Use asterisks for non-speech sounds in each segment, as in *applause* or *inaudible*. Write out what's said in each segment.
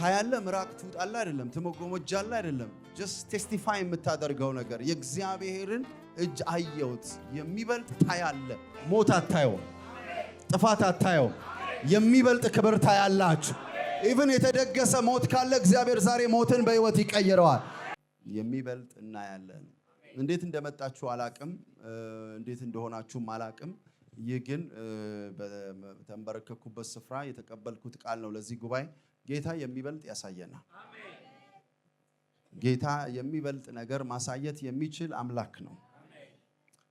ታያለ ምራቅ ትውጣላ አይደለም፣ ትመጎሞጃላ አይደለም። ጀስት ቴስቲፋይ የምታደርገው ነገር የእግዚአብሔርን እጅ አየሁት የሚበልጥ ታያለ። ሞት አታየው፣ ጥፋት አታየው፣ የሚበልጥ ክብር ታያላችሁ። ኢቭን የተደገሰ ሞት ካለ እግዚአብሔር ዛሬ ሞትን በህይወት ይቀይረዋል። የሚበልጥ እናያለን። እንዴት እንደመጣችሁ አላቅም፣ እንዴት እንደሆናችሁም አላቅም። ይህ ግን በተንበረከኩበት ስፍራ የተቀበልኩት ቃል ነው ለዚህ ጉባኤ ጌታ የሚበልጥ ያሳየናል። ጌታ የሚበልጥ ነገር ማሳየት የሚችል አምላክ ነው።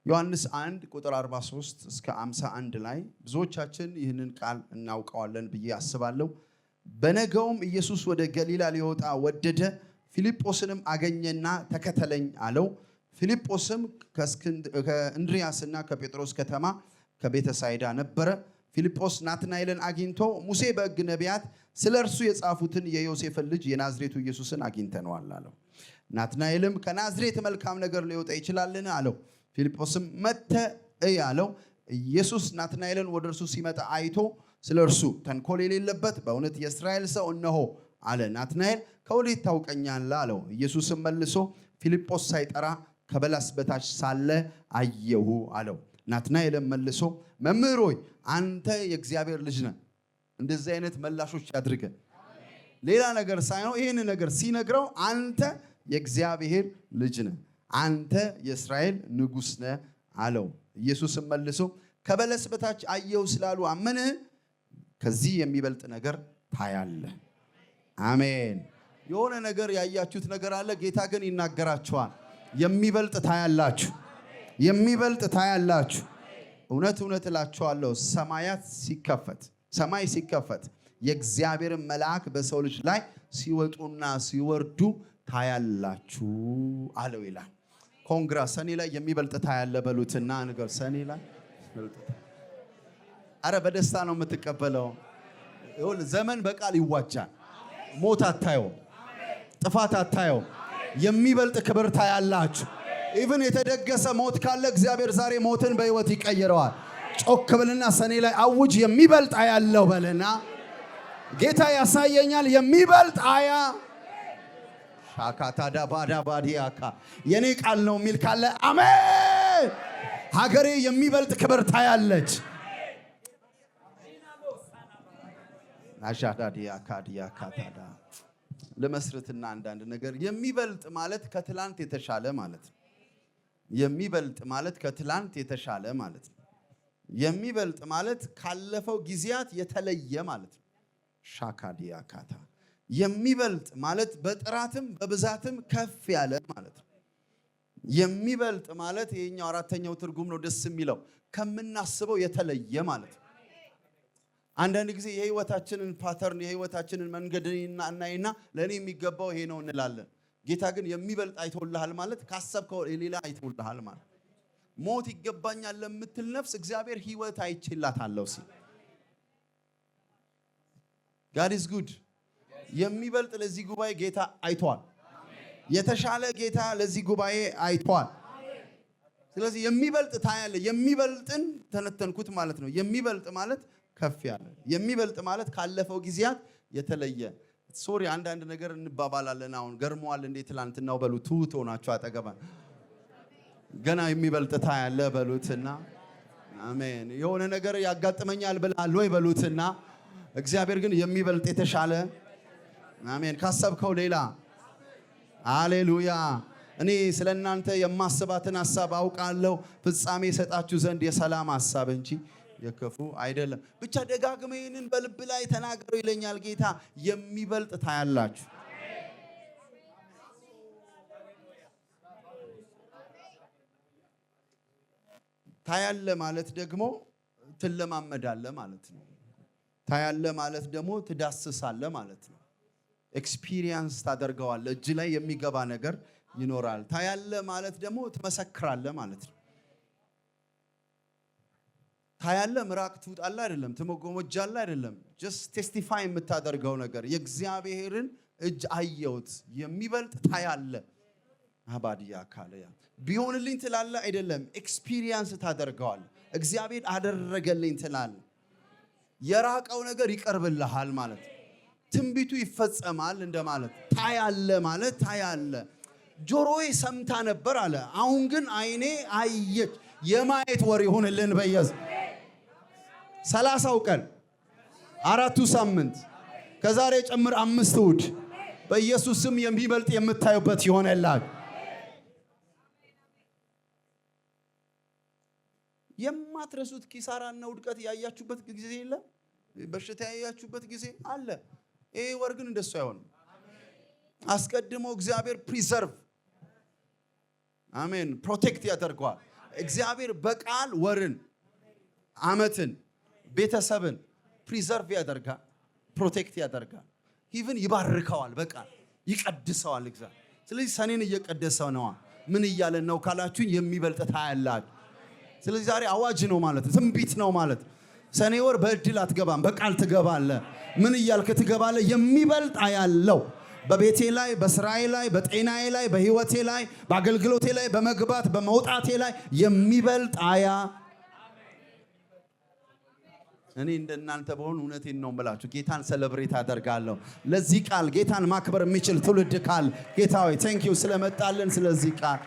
ዮሐንስ 1 ቁጥር 43 እስከ 51 ላይ ብዙዎቻችን ይህንን ቃል እናውቀዋለን ብዬ አስባለሁ። በነገውም ኢየሱስ ወደ ገሊላ ሊወጣ ወደደ። ፊልጶስንም አገኘና ተከተለኝ አለው። ፊልጶስም ከእንድርያስና ከጴጥሮስ ከተማ ከቤተሳይዳ ነበረ። ፊልጶስ ናትናኤልን አግኝቶ ሙሴ በሕግ ነቢያት ስለ እርሱ የጻፉትን የዮሴፍን ልጅ የናዝሬቱ ኢየሱስን አግኝተነዋል አለው። ናትናኤልም ከናዝሬት መልካም ነገር ሊወጣ ይችላልን? አለው። ፊልጶስም መተ እይ አለው። ኢየሱስ ናትናኤልን ወደ እርሱ ሲመጣ አይቶ ስለ እርሱ ተንኮል የሌለበት በእውነት የእስራኤል ሰው እነሆ አለ። ናትናኤል ከወዴት ታውቀኛለ አለው። ኢየሱስም መልሶ ፊልጶስ ሳይጠራ ከበላስ በታች ሳለ አየሁ አለው። ናትናኤልም መልሶ መምህር ሆይ አንተ የእግዚአብሔር ልጅ ነህ፣ እንደዚህ አይነት መላሾች ያድርገን። ሌላ ነገር ሳይሆን ይህን ነገር ሲነግረው አንተ የእግዚአብሔር ልጅ ነህ፣ አንተ የእስራኤል ንጉሥ ነህ አለው። ኢየሱስም መልሶ ከበለስ በታች አየው ስላሉ አመንህ፣ ከዚህ የሚበልጥ ነገር ታያለህ። አሜን። የሆነ ነገር ያያችሁት ነገር አለ፣ ጌታ ግን ይናገራችኋል። የሚበልጥ ታያላችሁ። የሚበልጥ ታያላችሁ። እውነት እውነት እላችኋለሁ ሰማያት ሲከፈት ሰማይ ሲከፈት የእግዚአብሔርን መልአክ በሰው ልጅ ላይ ሲወጡና ሲወርዱ ታያላችሁ አለው ይላል። ኮንግራ ሰኔ ላይ የሚበልጥ ታያለ በሉትና ንገር። ሰኔ ላይ አረ በደስታ ነው የምትቀበለው። ዘመን በቃል ይዋጃል። ሞት አታየው፣ ጥፋት አታየው። የሚበልጥ ክብር ታያላችሁ። ኢቭን የተደገሰ ሞት ካለ እግዚአብሔር ዛሬ ሞትን በህይወት ይቀይረዋል። ጮክ ብልና ሰኔ ላይ አውጅ። የሚበልጥ አያለው በልና ጌታ ያሳየኛል። የሚበልጥ አያ ሻካታ ዳባዳ ባዲያካ የኔ ቃል ነው የሚል ካለ አሜን። ሀገሬ የሚበልጥ ክብር ታያለች። ልመስርትና አንዳንድ ነገር የሚበልጥ ማለት ከትላንት የተሻለ ማለት ነው። የሚበልጥ ማለት ከትላንት የተሻለ ማለት ነው። የሚበልጥ ማለት ካለፈው ጊዜያት የተለየ ማለት ነው። ሻካዲያ ካታ የሚበልጥ ማለት በጥራትም በብዛትም ከፍ ያለ ማለት ነው። የሚበልጥ ማለት ይሄኛው አራተኛው ትርጉም ነው። ደስ የሚለው ከምናስበው የተለየ ማለት ነው። አንዳንድ ጊዜ የህይወታችንን ፓተርን የህይወታችንን መንገድ እናይና ለእኔ የሚገባው ይሄ ነው እንላለን ጌታ ግን የሚበልጥ አይተውልሃል ማለት ካሰብከው የሌላ አይተውልሃል ማለት ሞት ይገባኛል ለምትል ነፍስ እግዚአብሔር ህይወት አይችላታለሁ ሲል ጋድ ኢዝ ጉድ። የሚበልጥ ለዚህ ጉባኤ ጌታ አይቷል። የተሻለ ጌታ ለዚህ ጉባኤ አይቷል። ስለዚህ የሚበልጥ ታያለ። የሚበልጥን ተነተንኩት ማለት ነው። የሚበልጥ ማለት ከፍ ያለ፣ የሚበልጥ ማለት ካለፈው ጊዜያት የተለየ ሶሪ አንዳንድ ነገር እንባባላለን። አሁን ገርመዋል እንዴ ትላንትናው በሉት ትውት ሆናችሁ አጠገባ ገና የሚበልጥ ታያለ በሉትና፣ አሜን። የሆነ ነገር ያጋጥመኛል ብላል ወይ በሉትና፣ እግዚአብሔር ግን የሚበልጥ የተሻለ አሜን፣ ካሰብከው ሌላ አሌሉያ። እኔ ስለ እናንተ የማስባትን ሀሳብ አውቃለሁ፣ ፍጻሜ የሰጣችሁ ዘንድ የሰላም ሀሳብ እንጂ የከፉ አይደለም። ብቻ ደጋግመ ይህንን በልብ ላይ ተናገረው ይለኛል ጌታ። የሚበልጥ ታያላችሁ። ታያለ ማለት ደግሞ ትለማመዳለ ማለት ነው። ታያለ ማለት ደግሞ ትዳስሳለ ማለት ነው። ኤክስፒሪየንስ ታደርገዋለ። እጅ ላይ የሚገባ ነገር ይኖራል። ታያለ ማለት ደግሞ ትመሰክራለ ማለት ነው። ታያለ ምራቅ ትውጣላ አይደለም፣ ትመጎሞጃላ አይደለም። ጀስት ቴስቲፋይ የምታደርገው ነገር የእግዚአብሔርን እጅ አየውት የሚበልጥ ታያለ። አባድያ ካለያ ቢሆንልኝ ትላለ አይደለም፣ ኤክስፒሪየንስ ታደርገዋል። እግዚአብሔር አደረገልኝ ትላለ። የራቀው ነገር ይቀርብልሃል ማለት ትንቢቱ ይፈጸማል እንደማለት። ታያለ ማለት ታያለ። ጆሮዬ ሰምታ ነበር አለ፣ አሁን ግን አይኔ አየች። የማየት ወር ይሁንልን በየዝ ሰላሳው ቀን አራቱ ሳምንት ከዛሬ ጨምር አምስት ውድ በኢየሱስ ስም የሚበልጥ የምታዩበት ይሆነላል። የማትረሱት ኪሳራና ውድቀት ያያችሁበት ጊዜ የለም። በሽታ ያያችሁበት ጊዜ አለ። ይሄ ወር ግን እንደሱ አይሆንም። አስቀድሞ እግዚአብሔር ፕሪዘርቭ አሜን ፕሮቴክት ያደርገዋል። እግዚአብሔር በቃል ወርን፣ አመትን። ቤተሰብን ፕሪዘርቭ ያደርጋል፣ ፕሮቴክት ያደርጋል፣ ኢቭን ይባርከዋል። በቃ ይቀድሰዋል እግዛ ስለዚህ ሰኔን እየቀደሰ ነዋ። ምን እያለን ነው ካላችሁኝ፣ የሚበልጥ ታያላችሁ። ስለዚህ ዛሬ አዋጅ ነው ማለት ትንቢት ነው ማለት ሰኔ ወር በእድል አትገባም፣ በቃል ትገባለ። ምን እያልክ ትገባለ? የሚበልጥ አያለው በቤቴ ላይ በስራዬ ላይ በጤናዬ ላይ በህይወቴ ላይ በአገልግሎቴ ላይ በመግባት በመውጣቴ ላይ የሚበልጥ አያ እኔ እንደናንተ በሆን እውነቴን ነው ብላችሁ ጌታን ሰለብሬት አደርጋለሁ። ለዚህ ቃል ጌታን ማክበር የሚችል ትውልድ ቃል ጌታ ሆይ ቴንኪዩ ስለመጣልን ስለዚህ ቃል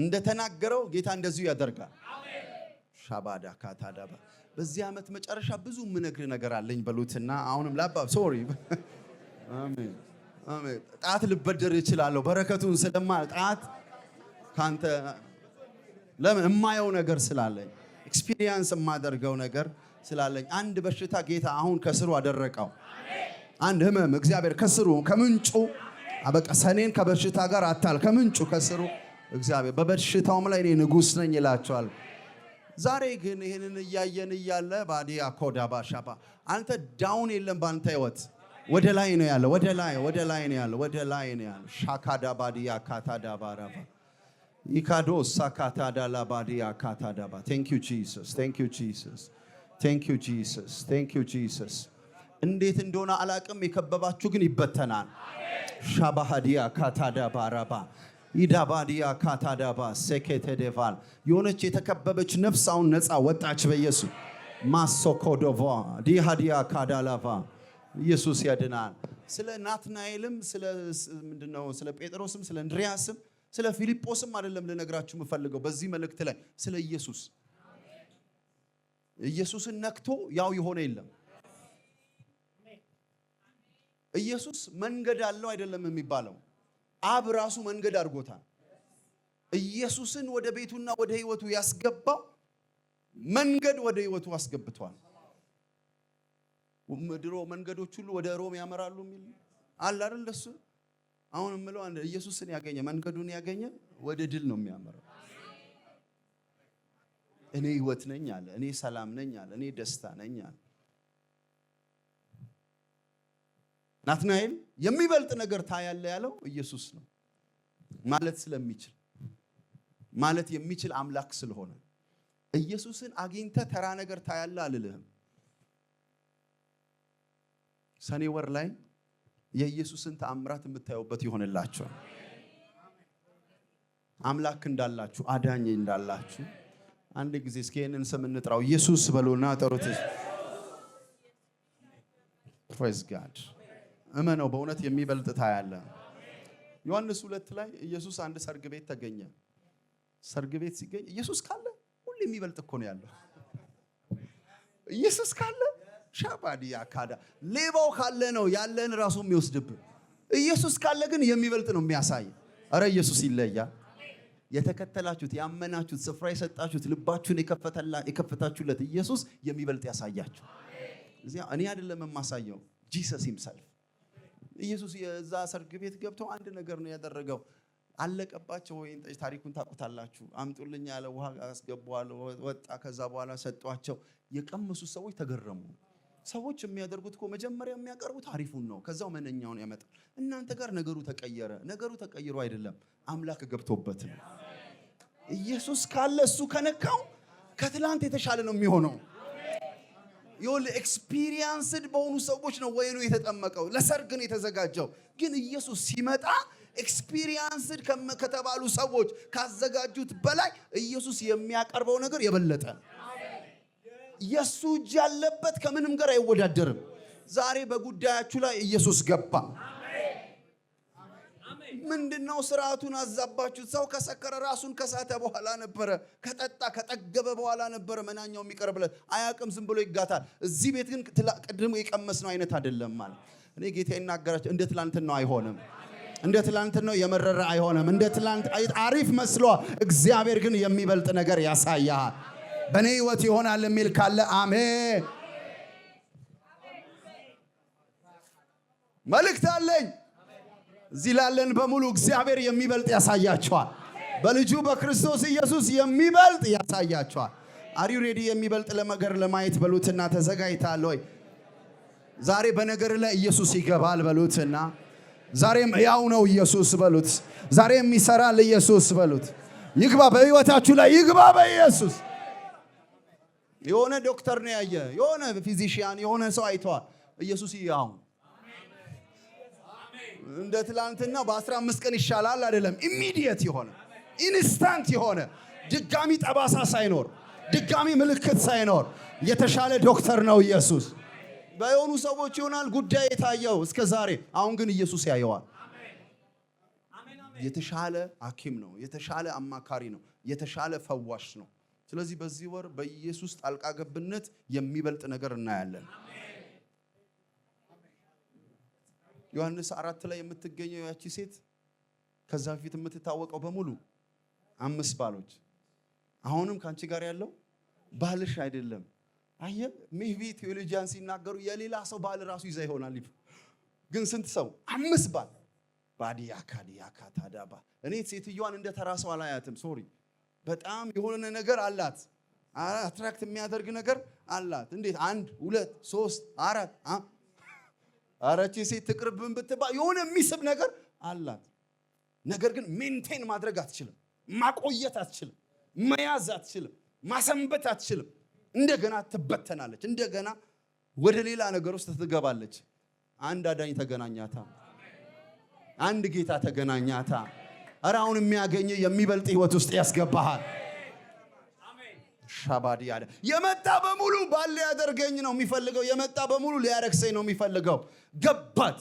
እንደተናገረው ጌታ እንደዚሁ ያደርጋል። ሻባዳ ካታዳባ በዚህ ዓመት መጨረሻ ብዙ ምነግር ነገር አለኝ በሉትና፣ አሁንም ላባብ ሶሪ ጣት ልበደር ይችላለሁ። በረከቱን ስለማ ጣት ካንተ ለምን እማየው ነገር ስላለኝ ኤክስፒሪየንስ የማደርገው ነገር ስላለኝ አንድ በሽታ ጌታ አሁን ከስሩ አደረቀው። አንድ ህመም እግዚአብሔር ከስሩ ከምንጩ አበቃ። ሰኔን ከበሽታ ጋር አታል ከምንጩ ከስሩ እግዚአብሔር በበሽታውም ላይ እኔ ንጉስ ነኝ ይላቸዋል። ዛሬ ግን ይህንን እያየን እያለ ባዲ አኮዳ ባሻባ አንተ ዳውን የለም በአንተ ህይወት ወደ ላይ ነው ያለ ወደ ላይ ወደ ላይ ነው ያለ ወደ ላይ ነው ያለ ሻካዳ ባዲ ካታዳ ባራባ ኢካዶ ሳካታዳላ ባዲያ ካታዳባ ቴንክ ዩ ጂሰስ ቴንክ ዩ ጂሰስ ቴንክ ዩ ጂሰስ ቴንክ ዩ ጂሰስ። እንዴት እንደሆነ አላቅም። የከበባችሁ ግን ይበተናል። ሻባሃዲያ ካታዳባ ራባ ኢዳባዲያ ካታዳባ ሴኬቴዴቫል የሆነች የተከበበች ነፍስ አሁን ነፃ ወጣች በኢየሱስ ማሶኮዶቫ ዲሃዲያ ካዳላቫ ኢየሱስ ያድናል። ስለ ናትናኤልም ስለ ምንድነው ስለ ጴጥሮስም ስለ እንድሪያስም ስለ ፊልጶስም አይደለም ልነግራችሁ የምፈልገው በዚህ መልእክት ላይ ስለ ኢየሱስ። ኢየሱስን ነክቶ ያው የሆነ የለም። ኢየሱስ መንገድ አለው አይደለም የሚባለው፣ አብ ራሱ መንገድ አድርጎታል። ኢየሱስን ወደ ቤቱና ወደ ህይወቱ ያስገባው መንገድ ወደ ህይወቱ አስገብቷል። ድሮ መንገዶች ሁሉ ወደ ሮም ያመራሉ የሚል አለ አይደል? አሁን የምለው ኢየሱስን ያገኘ መንገዱን ያገኘ ወደ ድል ነው የሚያመራው። እኔ ህይወት ነኝ አለ። እኔ ሰላም ነኝ አለ። እኔ ደስታ ነኝ አለ። ናትናኤል የሚበልጥ ነገር ታያለ ያለው ኢየሱስ ነው ማለት ስለሚችል ማለት የሚችል አምላክ ስለሆነ ኢየሱስን አግኝተ ተራ ነገር ታያለ አልልህም። ሰኔ ወር ላይ የኢየሱስን ተአምራት የምታዩበት ይሆንላችሁ። አምላክ እንዳላችሁ፣ አዳኝ እንዳላችሁ አንድ ጊዜ እስኪ ይህንን ስም እንጥራው። ኢየሱስ በሉና ጠሩት። ፕሬዝ ጋድ እመነው። በእውነት የሚበልጥ ታያለ። ዮሐንስ ሁለት ላይ ኢየሱስ አንድ ሰርግ ቤት ተገኘ። ሰርግ ቤት ሲገኝ ኢየሱስ ካለ ሁሉ የሚበልጥ እኮ ነው ያለው። ኢየሱስ ካለ ሻባዲያ ካዳ ሌባው ካለ ነው ያለን ራሱ የሚወስድብ ኢየሱስ ካለ ግን የሚበልጥ ነው የሚያሳይ። ረ ኢየሱስ ይለያ። የተከተላችሁት ያመናችሁት፣ ስፍራ የሰጣችሁት፣ ልባችሁን የከፈታችሁለት ኢየሱስ የሚበልጥ ያሳያችሁ። እዚያ እኔ አይደለም የማሳየው ጂሰስ ሂምሰልፍ። ኢየሱስ የዛ ሰርግ ቤት ገብተው አንድ ነገር ነው ያደረገው። አለቀባቸው ወይን ጠጅ ታሪኩን ታቁታላችሁ አምጡልኝ ያለ ውሃ አስገባዋለሁ፣ ወጣ። ከዛ በኋላ ሰጧቸው። የቀመሱ ሰዎች ተገረሙ። ሰዎች የሚያደርጉት እኮ መጀመሪያ የሚያቀርቡት አሪፉን ነው፣ ከዛው መነኛውን ያመጣል። እናንተ ጋር ነገሩ ተቀየረ። ነገሩ ተቀይሮ አይደለም አምላክ ገብቶበት ነው። ኢየሱስ ካለ እሱ ከነካው ከትላንት የተሻለ ነው የሚሆነው። ይኸውልህ ኤክስፒሪየንስድ በሆኑ ሰዎች ነው ወይኑ የተጠመቀው፣ ለሰርግ ነው የተዘጋጀው። ግን ኢየሱስ ሲመጣ ኤክስፒሪየንስድ ከተባሉ ሰዎች ካዘጋጁት በላይ ኢየሱስ የሚያቀርበው ነገር የበለጠ ነው። የእሱ እጅ ያለበት ከምንም ጋር አይወዳደርም። ዛሬ በጉዳያችሁ ላይ ኢየሱስ ገባ። ምንድነው ስርዓቱን አዛባችሁት። ሰው ከሰከረ ራሱን ከሳተ በኋላ ነበረ፣ ከጠጣ ከጠገበ በኋላ ነበረ መናኛው የሚቀርብለት። አያቅም፣ ዝም ብሎ ይጋታል። እዚህ ቤት ግን ቅድም የቀመስነው አይነት አይደለም ማለት እኔ ጌታ ይናገራቸው። እንደ ነው አይሆንም፣ እንደ ነው የመረረ አይሆንም። እንደ ትላንት አሪፍ መስሏ፣ እግዚአብሔር ግን የሚበልጥ ነገር ያሳያል። በእኔ ህይወት ይሆናል የሚል ካለ አሜን። መልእክት አለኝ። እዚህ ላለን በሙሉ እግዚአብሔር የሚበልጥ ያሳያቸዋል። በልጁ በክርስቶስ ኢየሱስ የሚበልጥ ያሳያቸዋል። አሪ ሬዲ የሚበልጥ ለመገር ለማየት በሉትና ተዘጋጅታል ወይ? ዛሬ በነገር ላይ ኢየሱስ ይገባል በሉትና፣ ዛሬም ያው ነው ኢየሱስ በሉት፣ ዛሬም ይሰራል ኢየሱስ በሉት። ይግባ፣ በህይወታችሁ ላይ ይግባ በኢየሱስ የሆነ ዶክተር ነው ያየ፣ የሆነ ፊዚሽያን፣ የሆነ ሰው አይተዋል። ኢየሱስ ያው እንደ ትላንትና በ15 ቀን ይሻላል አይደለም። ኢሚዲየት የሆነ ኢንስታንት የሆነ ድጋሚ ጠባሳ ሳይኖር ድጋሚ ምልክት ሳይኖር የተሻለ ዶክተር ነው ኢየሱስ። በየሆኑ ሰዎች ይሆናል ጉዳይ የታየው እስከ ዛሬ። አሁን ግን ኢየሱስ ያየዋል። የተሻለ ሐኪም ነው። የተሻለ አማካሪ ነው። የተሻለ ፈዋሽ ነው። ስለዚህ በዚህ ወር በኢየሱስ ጣልቃ ገብነት የሚበልጥ ነገር እናያለን። ዮሐንስ አራት ላይ የምትገኘው ያቺ ሴት ከዛ በፊት የምትታወቀው በሙሉ አምስት ባሎች፣ አሁንም ከአንቺ ጋር ያለው ባልሽ አይደለም። አየ ሜቢ ቴዎሎጂያን ሲናገሩ የሌላ ሰው ባል ራሱ ይዛ ይሆናል። ግን ስንት ሰው አምስት ባል ባዲያካ ዲያካ ታዳባ እኔ ሴትዮዋን እንደ ተራ ሰው አላያትም። ሶሪ በጣም የሆነ ነገር አላት። አትራክት የሚያደርግ ነገር አላት። እንዴት አንድ ሁለት ሶስት አራት አረቺ ሴት ትቅርብን ብትባል የሆነ የሚስብ ነገር አላት። ነገር ግን ሜንቴን ማድረግ አትችልም፣ ማቆየት አትችልም፣ መያዝ አትችልም፣ ማሰንበት አትችልም። እንደገና ትበተናለች። እንደገና ወደ ሌላ ነገር ውስጥ ትገባለች። አንድ አዳኝ ተገናኛታ፣ አንድ ጌታ ተገናኛታ። ራውን የሚያገኘ የሚበልጥ ህይወት ውስጥ ያስገባሃል። ሻባዲ ያለ የመጣ በሙሉ ባል ሊያደርገኝ ነው የሚፈልገው። የመጣ በሙሉ ሊያረክሰኝ ነው የሚፈልገው። ገባት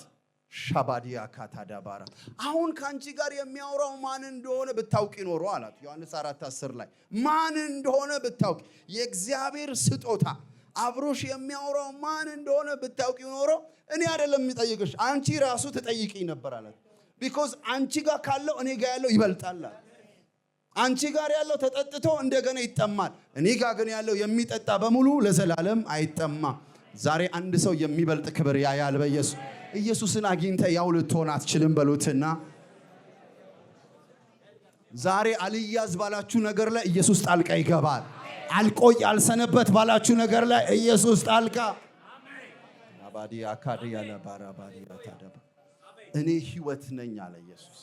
ሻባዲያ ካታዳባራ አሁን ከአንቺ ጋር የሚያወራው ማን እንደሆነ ብታውቂ ኖሮ አላት። ዮሐንስ አራት አስር ላይ ማን እንደሆነ ብታውቂ የእግዚአብሔር ስጦታ አብሮሽ የሚያወራው ማን እንደሆነ ብታውቂ ኖሮ እኔ አይደለም የሚጠይቅሽ አንቺ ራሱ ትጠይቅኝ ነበር አላት። ቢኮዝ አንቺ ጋር ካለው እኔ ጋር ያለው ይበልጣል። አንቺ ጋር ያለው ተጠጥቶ እንደገና ይጠማል። እኔ ጋር ግን ያለው የሚጠጣ በሙሉ ለዘላለም አይጠማ። ዛሬ አንድ ሰው የሚበልጥ ክብር ያያል። በኢየሱስ ኢየሱስን አግኝተ ያው ልትሆን አትችልም በሉትና ዛሬ አልያዝ ባላችሁ ነገር ላይ ኢየሱስ ጣልቃ ይገባል። አልቆይ አልሰነበት ባላችሁ ነገር ላይ ኢየሱስ ጣልቃ አባዲ አካድ ያለ ባራባዲ እኔ ህይወት ነኝ አለ ኢየሱስ።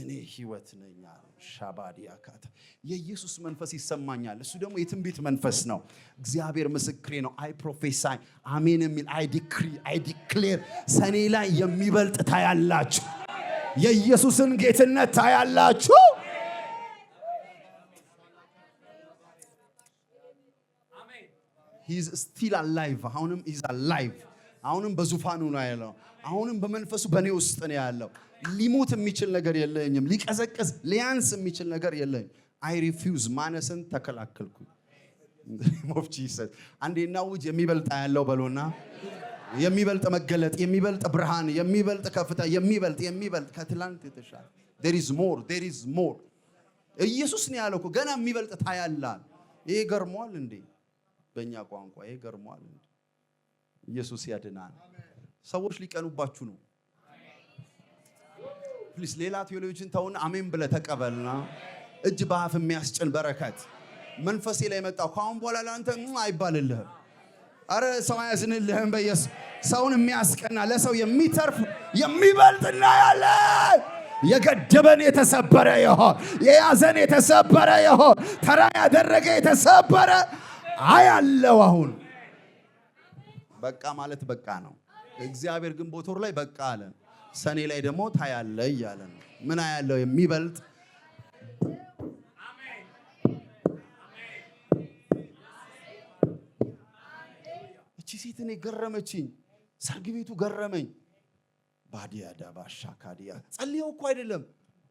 እኔ ህይወት ነኝ አለ። ሻባዲ አካታ። የኢየሱስ መንፈስ ይሰማኛል። እሱ ደግሞ የትንቢት መንፈስ ነው። እግዚአብሔር ምስክሬ ነው። አይ ፕሮፌሳይ አሜን የሚል አይ ዲክሪ አይ ዲክሌር ሰኔ ላይ የሚበልጥ ታያላችሁ። የኢየሱስን ጌትነት ታያላችሁ። ስቲል አላይቭ አሁንም ሂዝ አላይቭ አሁንም በዙፋኑ ነው ያለው። አሁንም በመንፈሱ በእኔ ውስጥ ነው ያለው። ሊሞት የሚችል ነገር የለኝም። ሊቀዘቅዝ ሊያንስ የሚችል ነገር የለኝም። አይ ሪፊውዝ ማነስን ተከላከልኩ። አንዴና ውጅ የሚበልጥ ያለው በሎና የሚበልጥ መገለጥ፣ የሚበልጥ ብርሃን፣ የሚበልጥ ከፍታ፣ የሚበልጥ የሚበልጥ ከትላንት የተሻለ ዴር ኢዝ ሞር ዴር ኢዝ ሞር ኢየሱስ ነው ያለው እኮ ገና የሚበልጥ ታያላል። ይሄ ገርሟል እንዴ? በእኛ ቋንቋ ይሄ ገርሟል እንዴ? ኢየሱስ ያድናል። ሰዎች ሊቀኑባችሁ ነው። ፕሊስ ሌላ ቴዎሎጂን ተውን። አሜን ብለ ተቀበልና እጅ በአፍ የሚያስጭን በረከት መንፈሴ ላይ መጣው። ከአሁን በኋላ ለአንተ አይባልልህም። አረ ሰው አያዝንልህም። በየሱ ሰውን የሚያስቀና ለሰው የሚተርፍ የሚበልጥና ያለ የገደበን የተሰበረ ይሆን፣ የያዘን የተሰበረ ይሆን፣ ተራ ያደረገ የተሰበረ አያለው አሁን በቃ ማለት በቃ ነው። እግዚአብሔር ግንቦት ላይ በቃ አለ። ሰኔ ላይ ደግሞ ታያለ እያለ ነው። ምን ያለው የሚበልጥ እቺ ሴት እኔ ገረመችኝ። ሰርግ ቤቱ ገረመኝ። ባዲያ ዳባሻ ካዲያ ጸልየው እኮ አይደለም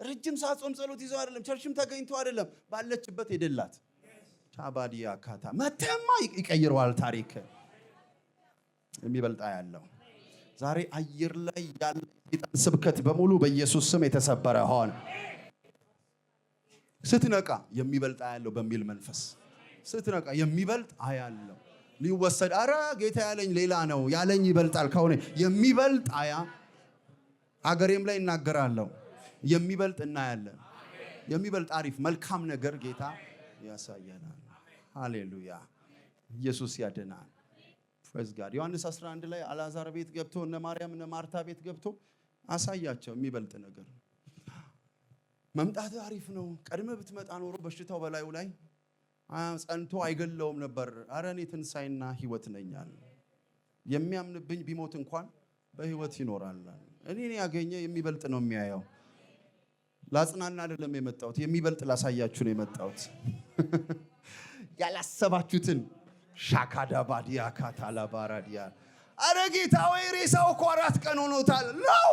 ረጅም ሰዓት ጾም ጸሎት ይዘው አይደለም ቸርችም ተገኝቶ አይደለም ባለችበት ሄደላት ቻባዲያ ካታ መተማ ይቀይረዋል ታሪክ የሚበልጣ ያለው ዛሬ አየር ላይ ያለ ስብከት በሙሉ በኢየሱስ ስም የተሰበረ ሆነ። ስትነቃ የሚበልጥ አያለው በሚል መንፈስ ስትነቃ የሚበልጥ አያለው ሊወሰድ አረ ጌታ ያለኝ ሌላ ነው ያለኝ ይበልጣል ከሆነ የሚበልጥ አያ አገሬም ላይ እናገራለሁ። የሚበልጥ እናያለን። የሚበልጥ አሪፍ መልካም ነገር ጌታ ያሳየናል። ሃሌሉያ! ኢየሱስ ያድናል። ፕሬዝ ጋድ ዮሐንስ 11 ላይ አላዛር ቤት ገብቶ እነ ማርያም እነ ማርታ ቤት ገብቶ አሳያቸው የሚበልጥ ነገር መምጣት አሪፍ ነው። ቀድመ ብትመጣ ኖሮ በሽታው በላዩ ላይ ጸንቶ አይገለውም ነበር። አረ እኔ ትንሣኤና ህይወት ነኛል የሚያምንብኝ ቢሞት እንኳን በህይወት ይኖራል። እኔን ያገኘ የሚበልጥ ነው የሚያየው። ላጽናና አይደለም የመጣሁት፣ የሚበልጥ ላሳያችሁ ነው የመጣሁት። *laughs* ያላሰባችሁትን ሻካዳ ባዲያ ካታላ ባራዲያ አረ ጌታ ወይ ሬሳው እኮ አራት ቀን ሆኖታል ነው።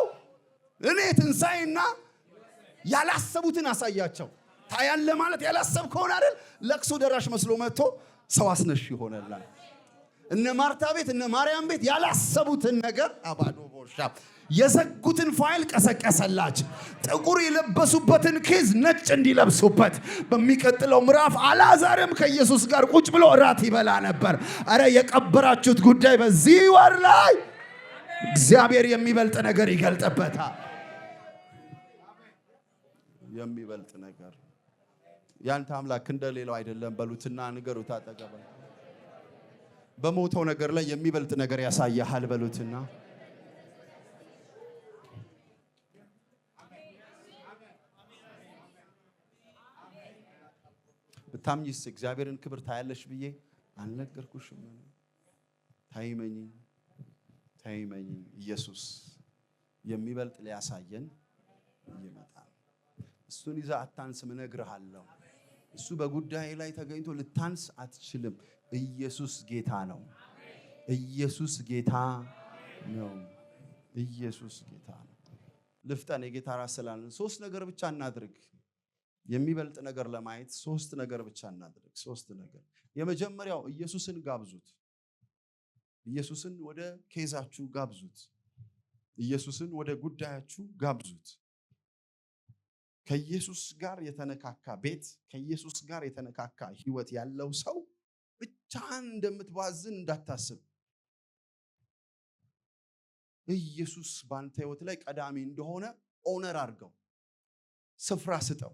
እኔ ትንሣኤና ያላሰቡትን አሳያቸው ታያለ ማለት ያላሰብ ከሆነ አይደል ለቅሶ ደራሽ መስሎ መጥቶ ሰው አስነሽ ይሆነላል። እነ ማርታ ቤት እነ ማርያም ቤት ያላሰቡትን ነገር አባዶ ቦርሻ የዘጉትን ፋይል ቀሰቀሰላች። ጥቁር የለበሱበትን ኬዝ ነጭ እንዲለብሱበት። በሚቀጥለው ምዕራፍ አላዛርም ከኢየሱስ ጋር ቁጭ ብሎ እራት ይበላ ነበር። አረ የቀበራችሁት ጉዳይ በዚህ ወር ላይ እግዚአብሔር የሚበልጥ ነገር ይገልጥበታል። የሚበልጥ ነገር ያንተ አምላክ እንደሌላው አይደለም። በሉትና ንገሩት። አጠገበ በሞተው ነገር ላይ የሚበልጥ ነገር ያሳያሃል። በሉትና ብታምኝስ እግዚአብሔርን ክብር ታያለሽ ብዬ አልነገርኩሽም? ታይመኝ ታይመኝ። ኢየሱስ የሚበልጥ ሊያሳየን ይመጣል። እሱን ይዛ አታንስ፣ ምነግርሃለሁ እሱ በጉዳይ ላይ ተገኝቶ ልታንስ አትችልም። ኢየሱስ ጌታ ነው። ኢየሱስ ጌታ ነው። ኢየሱስ ጌታ ነው። ልፍጠን፣ የጌታ ራስ ስላለን ሶስት ነገር ብቻ እናድርግ። የሚበልጥ ነገር ለማየት ሶስት ነገር ብቻ እናድርግ። ሶስት ነገር። የመጀመሪያው ኢየሱስን ጋብዙት። ኢየሱስን ወደ ኬዛችሁ ጋብዙት። ኢየሱስን ወደ ጉዳያችሁ ጋብዙት። ከኢየሱስ ጋር የተነካካ ቤት፣ ከኢየሱስ ጋር የተነካካ ህይወት ያለው ሰው ብቻ እንደምትባዝን እንዳታስብ። ኢየሱስ በአንተ ህይወት ላይ ቀዳሚ እንደሆነ ኦነር አድርገው፣ ስፍራ ስጠው።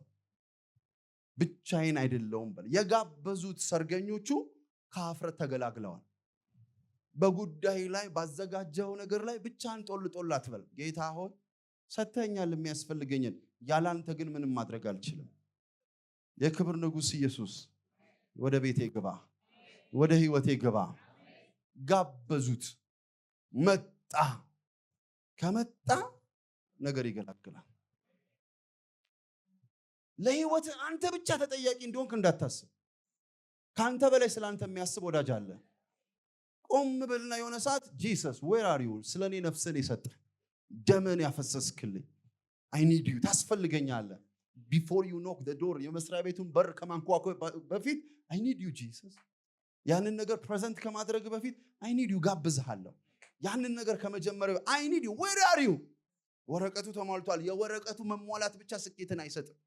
ብቻዬን አይደለውም በለ የጋበዙት ሰርገኞቹ ከአፍረት ተገላግለዋል። በጉዳይ ላይ ባዘጋጀው ነገር ላይ ብቻን ጦል ጦል ጌታ ሆይ ሰተኛል የሚያስፈልገኝን፣ ያላንተ ግን ምንም ማድረግ አልችልም። የክብር ንጉሥ ኢየሱስ ወደ ቤቴ ግባ፣ ወደ ህይወቴ ግባ። ጋበዙት፣ መጣ። ከመጣ ነገር ይገላግላል። ለህይወት አንተ ብቻ ተጠያቂ እንደሆንክ እንዳታስብ። ከአንተ በላይ ስለ አንተ የሚያስብ ወዳጅ አለ። ቆም ብልና የሆነ ሰዓት ጂሰስ ዌር አር ዩ፣ ስለ እኔ ነፍስን የሰጠ ደምን ያፈሰስክልኝ፣ አይ ኒድ ዩ፣ ታስፈልገኛለህ። ቢፎር ዩ ኖክ ዶር፣ የመስሪያ ቤቱን በር ከማንኳኮ በፊት አይ ኒድ ዩ ጂሰስ፣ ያንን ነገር ፕሬዘንት ከማድረግ በፊት አይ ኒድ ዩ፣ ጋብዝሃለሁ። ያንን ነገር ከመጀመሪያው አይ ኒድ ዩ፣ ዌር አር ዩ። ወረቀቱ ተሟልቷል። የወረቀቱ መሟላት ብቻ ስኬትን አይሰጥም።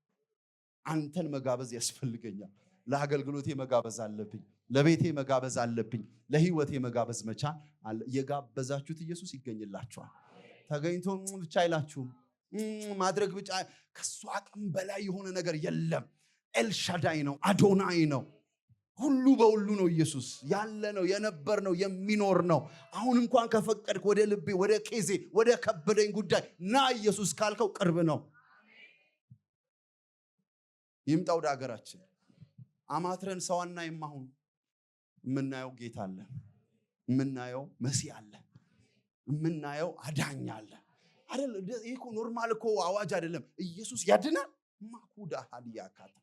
አንተን መጋበዝ ያስፈልገኛል። ለአገልግሎቴ መጋበዝ አለብኝ። ለቤቴ መጋበዝ አለብኝ። ለህይወቴ መጋበዝ መቻል አለ። የጋበዛችሁት ኢየሱስ ይገኝላችኋል። ተገኝቶ ብቻ አይላችሁም። ማድረግ ብቻ ከሱ አቅም በላይ የሆነ ነገር የለም። ኤልሻዳይ ነው፣ አዶናይ ነው። ሁሉ በሁሉ ነው። ኢየሱስ ያለ ነው፣ የነበር ነው፣ የሚኖር ነው። አሁን እንኳን ከፈቀድክ ወደ ልቤ፣ ወደ ቄዜ፣ ወደ ከበደኝ ጉዳይ ና ኢየሱስ ካልከው ቅርብ ነው። ይምጣ ወደ ሀገራችን። አማትረን ሰዋና የማሁን የምናየው ጌታ አለ፣ የምናየው መሲ አለ፣ የምናየው አዳኝ አለ። ይህ ኖርማል እኮ አዋጅ አይደለም። ኢየሱስ ያድናል። ማኩዳ ሀዲያ ካታ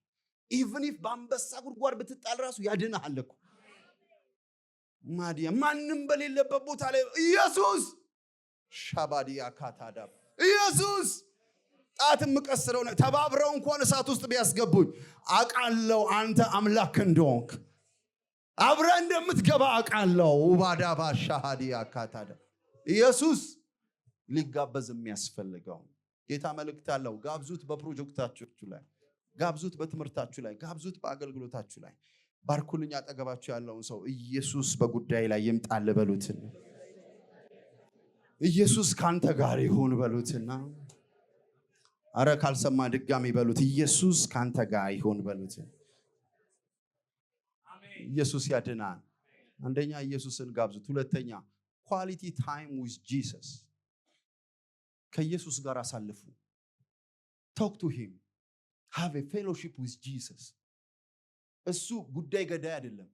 ኢቭን ኢፍ በአንበሳ ጉድጓድ ብትጣል ራሱ ያድናል እኮ ማዲያ ማንም በሌለበት ቦታ ላይ ኢየሱስ ሻባዲያ ካታዳ ኢየሱስ ጣት የምቀስረው ተባብረው እንኳን እሳት ውስጥ ቢያስገቡኝ አቃለው አንተ አምላክ እንደሆንክ አብረ እንደምትገባ አቃለው ውባዳ ባሻሃዲ አካታደ ኢየሱስ ሊጋበዝ የሚያስፈልገው ጌታ መልእክት አለው። ጋብዙት፣ በፕሮጀክታችሁ ላይ ጋብዙት፣ በትምህርታችሁ ላይ ጋብዙት፣ በአገልግሎታችሁ ላይ ባርኩልኝ። አጠገባችሁ ያለውን ሰው ኢየሱስ በጉዳይ ላይ ይምጣል በሉትን። ኢየሱስ ከአንተ ጋር ይሁን በሉትና አረ ካልሰማ ድጋሚ በሉት። ኢየሱስ ካንተ ጋር ይሆን በሉት። ኢየሱስ ያድናል። አንደኛ ኢየሱስን ጋብዙት። ሁለተኛ ኳሊቲ ታይም ዊዝ ጂሰስ፣ ከኢየሱስ ጋር አሳልፉ። ቶክ ቱ ሂም ሃቭ ኤ ፌሎሺፕ ዊዝ ጂሰስ። እሱ ጉዳይ ገዳይ አይደለም።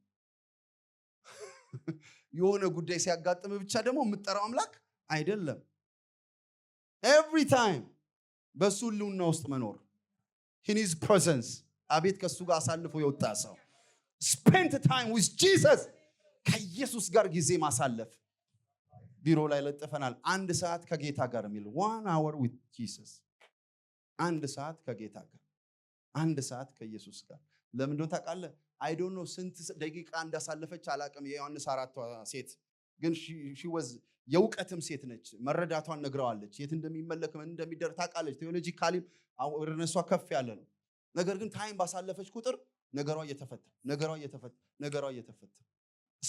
*laughs* የሆነ ጉዳይ ሲያጋጥም ብቻ ደግሞ የምጠራው አምላክ አይደለም። ኤቭሪ ታይም በእሱ ህልውና ውስጥ መኖር ሂኒዝ ፕሬዘንስ አቤት ከእሱ ጋር አሳልፎ የወጣ ሰው ስፔንት ታይም ዊዝ ጂሰስ ከኢየሱስ ጋር ጊዜ ማሳለፍ ቢሮ ላይ ለጥፈናል። አንድ ሰዓት ከጌታ ጋር የሚል ዋን አወር ዊዝ ጂሰስ አንድ ሰዓት ከጌታ ጋር አንድ ሰዓት ከኢየሱስ ጋር ለምንድን ነው ታውቃለህ? አይዶኖ ስንት ደቂቃ እንዳሳለፈች አላቅም። የዮሐንስ አራቷ ሴት ግን ወዝ የእውቀትም ሴት ነች። መረዳቷን ነግረዋለች። የት እንደሚመለክ እንደሚደር ታቃለች ቴዎሎጂ ካሊም ከፍ ያለ ነው። ነገር ግን ታይም ባሳለፈች ቁጥር ነገሯ እየተፈታ ነገሯ እየተፈታ ነገሯ እየተፈታ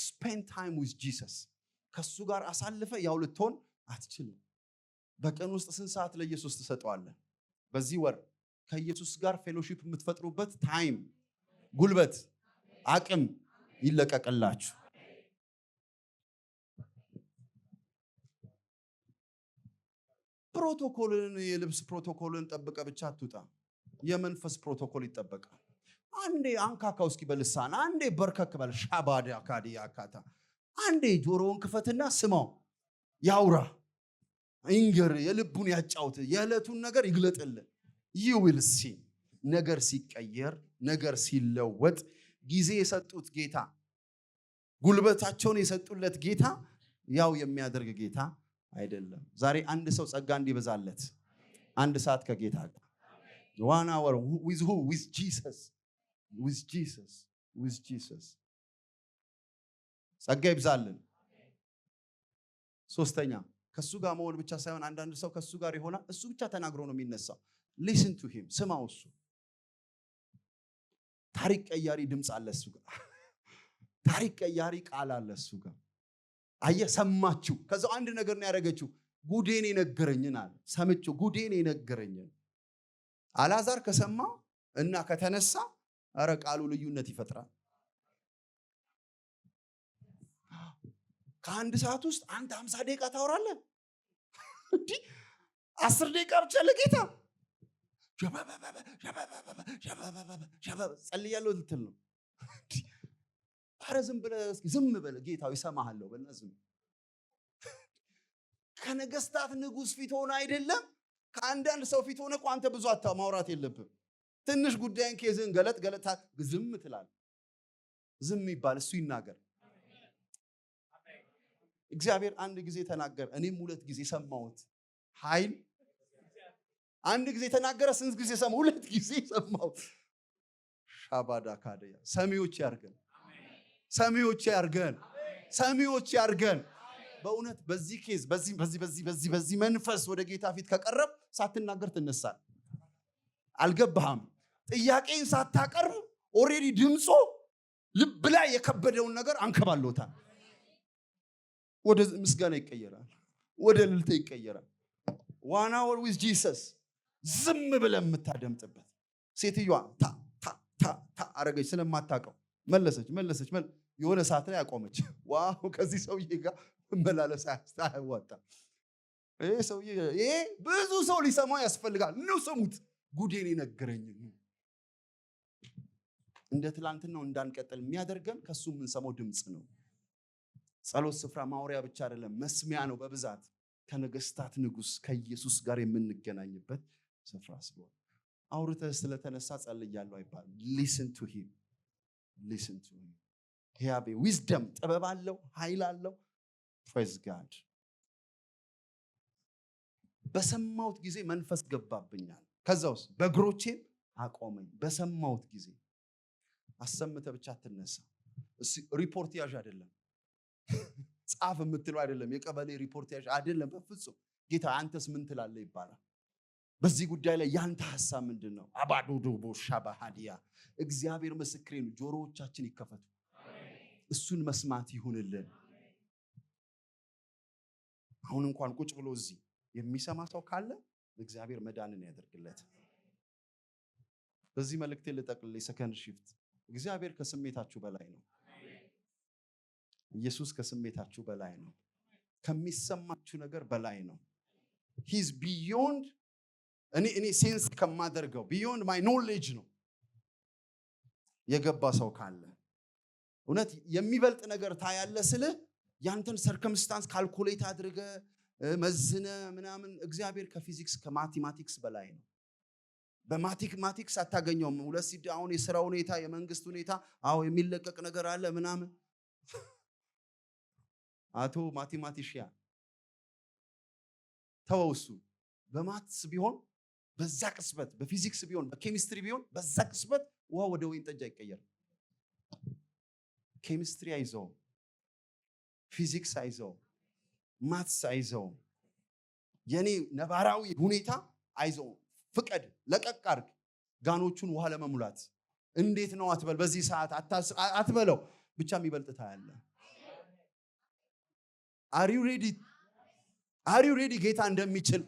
ስፔንድ ታይም ዊዝ ጂሰስ ከሱ ጋር አሳልፈ ያው ልትሆን አትችልም። በቀን ውስጥ ስንት ሰዓት ለኢየሱስ ትሰጠዋለህ? በዚህ ወር ከኢየሱስ ጋር ፌሎሺፕ የምትፈጥሩበት ታይም፣ ጉልበት፣ አቅም ይለቀቅላችሁ። ፕሮቶኮልን የልብስ ፕሮቶኮልን ጠብቀ ብቻ አትውጣ። የመንፈስ ፕሮቶኮል ይጠበቃል። አንዴ አንካካ ውስኪ በልሳን አንዴ በርከክ በል ሻባድ አካዲ አካታ አንዴ ጆሮውን ክፈትና ስማው ያውራ ይንገር፣ የልቡን ያጫውት፣ የዕለቱን ነገር ይግለጥል። ይውል ሲ ነገር ሲቀየር ነገር ሲለወጥ ጊዜ የሰጡት ጌታ ጉልበታቸውን የሰጡለት ጌታ ያው የሚያደርግ ጌታ አይደለም። ዛሬ አንድ ሰው ጸጋ እንዲበዛለት አንድ ሰዓት ከጌታ ጋር ዋን አወር ዊዝ ሁ ዊዝ ጂሰስ ዊዝ ጂሰስ ዊዝ ጂሰስ ጸጋ ይብዛልን። ሶስተኛ ከእሱ ጋር መሆን ብቻ ሳይሆን አንዳንድ ሰው ከእሱ ጋር ይሆናል፣ እሱ ብቻ ተናግሮ ነው የሚነሳው። ሊስን ቱ ሂም ስማው። እሱ ታሪክ ቀያሪ ድምፅ አለ እሱ ጋር ታሪክ ቀያሪ ቃል አለ እሱ ጋር አየሰማችው ከዛው አንድ ነገር ነው ያደረገችው። ጉዴን የነገረኝን አለ ሰምቼው፣ ጉዴን የነገረኝን አላዛር ከሰማ እና ከተነሳ፣ ኧረ ቃሉ ልዩነት ይፈጥራል። ከአንድ ሰዓት ውስጥ አንተ ሀምሳ ደቂቃ ታወራለህ። እንዲህ አስር ደቂቃ ብቻ ለጌታ ጸልያለሁ ልትል ነው። አረ ዝም ብለ ዝም በል ጌታው ይሰማሃለሁ በልና ዝም ከነገስታት ንጉስ ፊት ሆነ አይደለም ከአንዳንድ ሰው ፊት ሆነ እኮ አንተ ብዙ አታ ማውራት የለብም ትንሽ ጉዳይን ኬዝን ገለጥ ገለጥ ዝም ትላል ዝም ይባል እሱ ይናገር እግዚአብሔር አንድ ጊዜ ተናገረ እኔም ሁለት ጊዜ ሰማሁት ኃይል አንድ ጊዜ ተናገረ ስንት ጊዜ ሰማ ሁለት ጊዜ ሰማሁት ሻባዳ ካደያ ሰሚዎች ያርገን ሰሚዎች ያርገን፣ ሰሚዎች ያርገን። በእውነት በዚህ ኬዝ በዚህ በዚህ በዚህ በዚህ በዚህ መንፈስ ወደ ጌታ ፊት ከቀረብ ሳትናገር ትነሳል። አልገባህም? ጥያቄን ሳታቀርብ ኦሬዲ ድምፆ ልብ ላይ የከበደውን ነገር አንከባሎታል። ወደ ምስጋና ይቀየራል፣ ወደ ልልተ ይቀየራል። ዋና ወር ዊዝ ጂሰስ ዝም ብለን የምታደምጥበት ሴትዮዋ ታ ታ ታ አረገች፣ ስለማታውቀው መለሰች መለሰች የሆነ ሰዓት ላይ አቆመች። ዋው ከዚህ ሰውዬ ጋር መላለስ አያዋጣ። ይሄ ሰውዬ ይሄ ብዙ ሰው ሊሰማ ያስፈልጋል። ነው ስሙት፣ ጉዴን የነገረኝ እንደ ትላንትናው እንዳንቀጥል የሚያደርገን ከሱ የምንሰማው ድምፅ ነው። ጸሎት ስፍራ ማውሪያ ብቻ አይደለም፣ መስሚያ ነው። በብዛት ከነገስታት ንጉስ ከኢየሱስ ጋር የምንገናኝበት ስፍራ ስለሆነ አውርተ ስለተነሳ ጸልያለሁ አይባል ሊስን ቱ ሂም ሊስን ቱ ሂም ሕያቤ ዊዝደም ጥበብ አለው፣ ኃይል አለው። ፕሬዝ ጋድ። በሰማሁት ጊዜ መንፈስ ገባብኛል። ከዛ ውስጥ በእግሮቼም አቆመኝ። በሰማሁት ጊዜ አሰምተ ብቻ አትነሳ። ሪፖርት ያዥ አይደለም፣ *laughs* ጻፍ የምትለው አይደለም፣ የቀበሌ ሪፖርት ያዥ አይደለም። በፍጹም ጌታ አንተስ ምን ትላለህ ይባላል። በዚህ ጉዳይ ላይ ያንተ ሀሳብ ምንድን ነው? አባዶዶ ቦሻ ባህዲያ እግዚአብሔር ምስክሬ ነው። ጆሮዎቻችን ይከፈቱ። እሱን መስማት ይሁንልን። አሁን እንኳን ቁጭ ብሎ እዚህ የሚሰማ ሰው ካለ እግዚአብሔር መዳንን ያደርግለት። በዚህ መልእክቴ ልጠቅልል። ሰከንድ ሺፍት፣ እግዚአብሔር ከስሜታችሁ በላይ ነው። ኢየሱስ ከስሜታችሁ በላይ ነው። ከሚሰማችሁ ነገር በላይ ነው። ሂዝ ቢዮንድ እኔ እኔ ሴንስ ከማደርገው ቢዮንድ ማይ ኖሌጅ ነው። የገባ ሰው ካለ እውነት የሚበልጥ ነገር ታያለ ስልህ ያንተን ሰርከምስታንስ ካልኩሌት አድርገ መዝነ ምናምን እግዚአብሔር ከፊዚክስ ከማቴማቲክስ በላይ ነው። በማቴማቲክስ አታገኘውም። ሁለት ሲድ አሁን የስራ ሁኔታ የመንግስት ሁኔታ አዎ የሚለቀቅ ነገር አለ ምናምን አቶ ማቴማቲሽያ ተወውሱ በማትስ ቢሆን በዛ ቅስበት በፊዚክስ ቢሆን በኬሚስትሪ ቢሆን በዛ ቅስበት ውሃ ወደ ወይን ጠጅ አይቀየርም። ኬሚስትሪ አይዘው፣ ፊዚክስ አይዘው፣ ማትስ አይዘው፣ የኔ ነባራዊ ሁኔታ አይዘው። ፍቀድ፣ ለቀቅ አድርግ ጋኖቹን ውሃ ለመሙላት እንዴት ነው አትበል። በዚህ ሰዓት አትበለው ብቻ የሚበልጥታ ያለ አሪው ሬዲ ጌታ እንደሚችል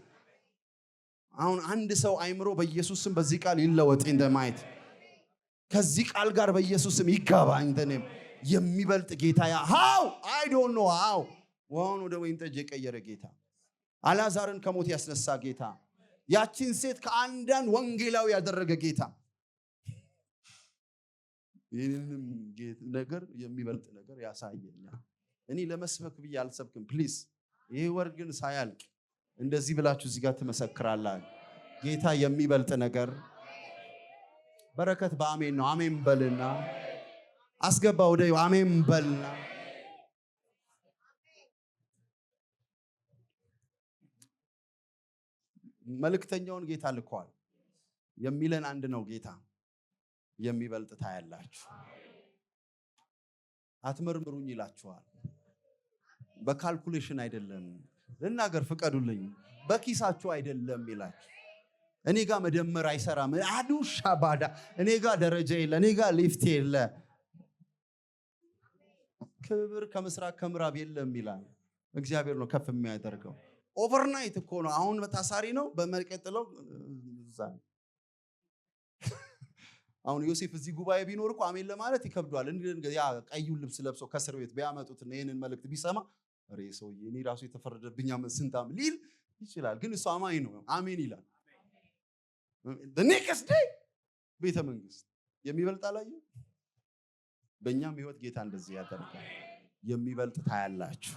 አሁን አንድ ሰው አይምሮ በኢየሱስም በዚህ ቃል ይለወጥ። እንደማየት ከዚህ ቃል ጋር በኢየሱስም ይጋባ ይጋባ። የሚበልጥ ጌታ ሀው አይ ዶንት ኖ ሀው ውሃውን ወደ ወይን ጠጅ የቀየረ ጌታ፣ አላዛርን ከሞት ያስነሳ ጌታ፣ ያቺን ሴት ከአንዳንድ ወንጌላዊ ያደረገ ጌታ፣ ይህንንም ነገር የሚበልጥ ነገር ያሳየኛ እኔ ለመስበክ ብዬ አልሰብክም። ፕሊዝ ይህ ወር ግን ሳያልቅ እንደዚህ ብላችሁ እዚህ ጋር ትመሰክራላ ጌታ የሚበልጥ ነገር በረከት በአሜን ነው። አሜን በልና አስገባ ወደ አሜን በል። መልእክተኛውን ጌታ ልኳል። የሚለን አንድ ነው። ጌታ የሚበልጥ ታያላችሁ፣ አትመርምሩኝ ይላችኋል። በካልኩሌሽን አይደለም ልናገር ፍቀዱልኝ፣ በኪሳችሁ አይደለም ይላችሁ። እኔ ጋር መደመር አይሰራም። አዱሻ ባዳ እኔ ጋር ደረጃ የለ፣ እኔ ጋር ሊፍት የለ ክብር ከምስራቅ ከምዕራብ የለም ይላል። እግዚአብሔር ነው ከፍ የሚያደርገው። ኦቨርናይት እኮ ነው። አሁን በታሳሪ ነው፣ በመቀጥለው እዛ *laughs* አሁን ዮሴፍ እዚህ ጉባኤ ቢኖር እኮ አሜን ለማለት ይከብዷል ያ ቀዩን ልብስ ለብሶ ከእስር ቤት ቢያመጡት ይህንን መልእክት ቢሰማ ሬ እኔ ራሱ የተፈረደብኝ ስንታም ሊል ይችላል። ግን እሱ አማኝ ነው፣ አሜን ይላል። ኔክስት ቤተ መንግስት የሚበልጥ በእኛም ህይወት ጌታ እንደዚህ ያደርጋል። የሚበልጥ ታያላችሁ፣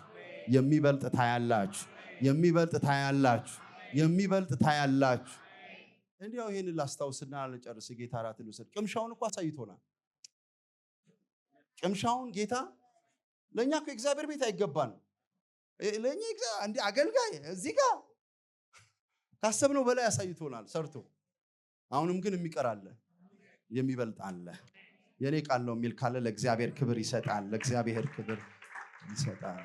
የሚበልጥ ታያላችሁ፣ የሚበልጥ ታያላችሁ፣ የሚበልጥ ታያላችሁ። እንዲያው ይህን ላስታውስና ልጨርስ። ጌታ እራትን ውሰድ። ቅምሻውን እኮ አሳይቶናል። ቅምሻውን ጌታ ለእኛ እኮ እግዚአብሔር ቤት አይገባን። ለእኛ እንዲ አገልጋይ እዚህ ጋር ካሰብነው በላይ አሳይቶናል ሰርቶ። አሁንም ግን የሚቀር አለ፣ የሚበልጥ አለ። የኔ ቃል ነው የሚል ካለ ለእግዚአብሔር ክብር ይሰጣል። ለእግዚአብሔር ክብር ይሰጣል።